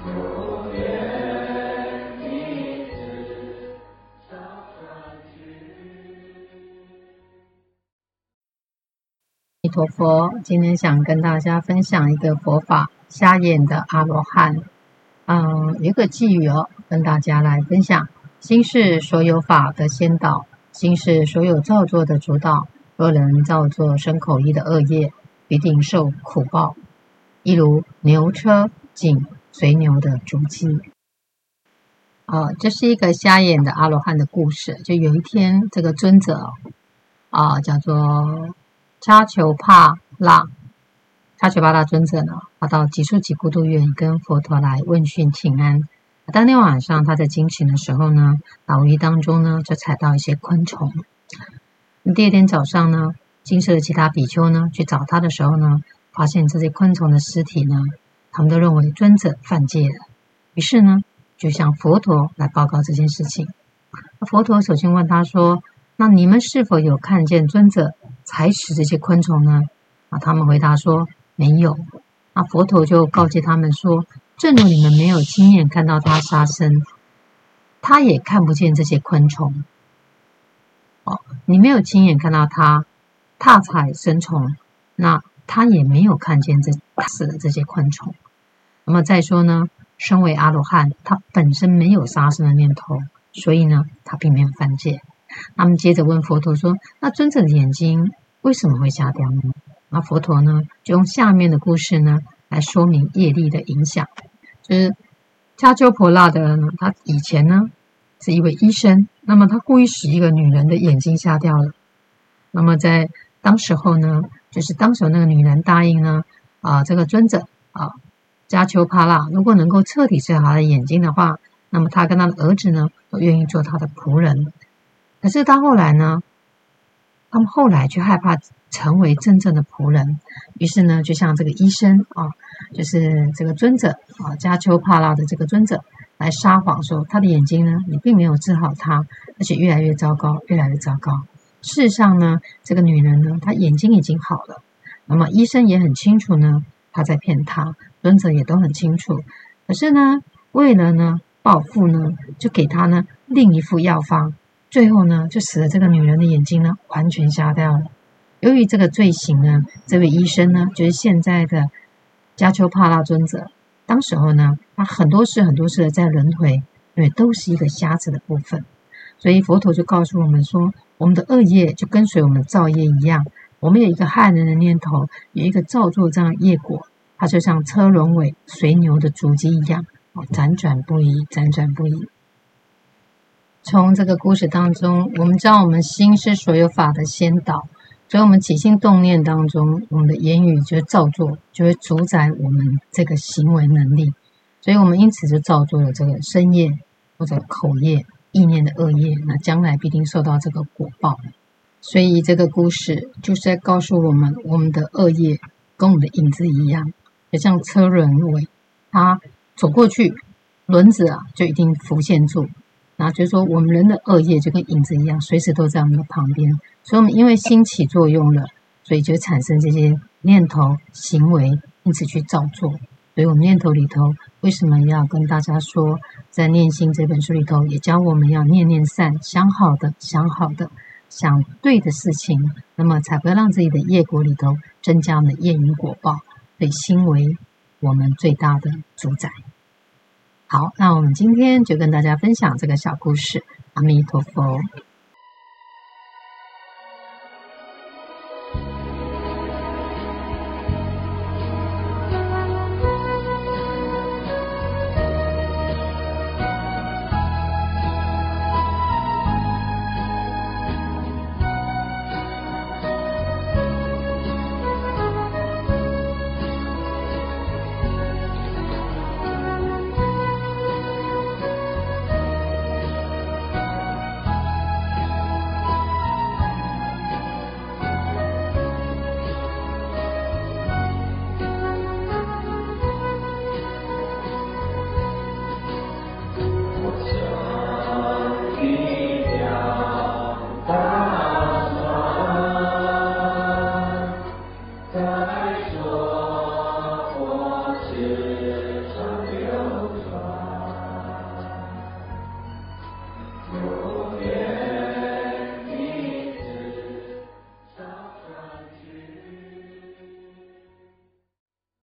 阿彌陀佛，今天想跟大家分享一個佛法，瞎眼的阿羅漢，嗯，一個偈語哦，跟大家來分享。心是所有法的先導，心是所有造作的主導。若人造作身口意的惡業，必定受苦報，一如牛車井，隨牛的足跡，哦，這是一個瞎眼的阿羅漢的故事。就有一天，這個尊者，啊、哦，叫做查球帕拉，查球帕拉尊者呢，他到祇樹給孤獨園跟佛陀來問訊請安。當天晚上，他在經行的時候呢，無意當中呢，就踩到一些昆蟲。那第二天早上呢，精舍的其他比丘呢去找他的時候呢，發現這些昆蟲的屍體呢。他們都認為尊者犯戒了，於是呢，就向佛陀來報告這件事情。佛陀首先問他說：“那你們是否有看見尊者踩死這些昆蟲呢？”啊，他們回答說：“沒有。”那佛陀就告誡他們說：“正如你們沒有親眼看到他殺生，他也看不見這些昆蟲。哦，你沒有親眼看到他踏踩生蟲，那他也沒有看見這死的這些昆蟲。”那麼再說呢，身為阿羅漢，他本身沒有殺生的念頭，所以呢，他並沒有犯戒。那麼接着問佛陀說：“那尊者的眼睛為什麼會瞎掉呢？”那佛陀呢，就用下面的故事呢來說明業力的影響。就是迦州婆拉的呢，他以前呢是一位醫生，那麼他故意使一個女人的眼睛瞎掉了。那麼在當時候呢，就是當時候那個女人答應呢啊、呃，這個尊者啊。呃加丘帕拉，如果能夠徹底治好他的眼睛的話，那麼他跟他的兒子呢都願意做他的僕人。可是到後來呢，他們後來卻害怕成為真正的僕人，於是呢，就向這個醫生啊，就是這個尊者啊，加丘帕拉的這個尊者來撒謊說，他的眼睛呢也並沒有治好他，而且越來越糟糕，越來越糟糕。事實上呢，這個女人呢，她眼睛已經好了。那麼醫生也很清楚呢，她在騙他。尊者也都很清楚，可是呢，為了呢報復呢，就給他呢另一副藥方，最後呢就使得這個女人的眼睛呢完全瞎掉了。由於這個罪行呢，這位醫生呢就是現在的加丘帕拉尊者。當時候呢，他很多世很多世在輪迴，因為都是一個瞎子的部分。所以佛陀就告訴我們說，我們的惡業就跟隨我們的造業一樣，我們有一個害人的念頭，有一個造作這樣的業果。它就像車輪尾隨牛的足跡一樣，哦，輾轉不已，輾轉不已。從這個故事當中，我們知道我們心是所有法的先導，所以，我們起心動念當中，我們的言語就會造作，就會主宰我們這個行為能力。所以，我們因此就造作了這個身業，或者口業、意念的惡業，那將來必定受到這個果報。所以，這個故事就是在告訴我們，我們的惡業跟我們的影子一樣。就像車輪，我它走過去，輪子啊就一定浮現住。然後就是說，我們人的惡業就跟影子一樣，隨時都在我們的旁邊。所以，我們因為心起作用了，所以就產生這些念頭、行為，因此去造作。所以，我們念頭裡頭為什麼要跟大家說，在《念心》這本書裡頭，也教我們要念念善，想好的，想好的，想對的事情，那麼才不要讓自己的業果裡頭增加我們的業因果報。被心為我們最大的主宰。好，那我們今天就跟大家分享這個小故事。阿彌陀佛。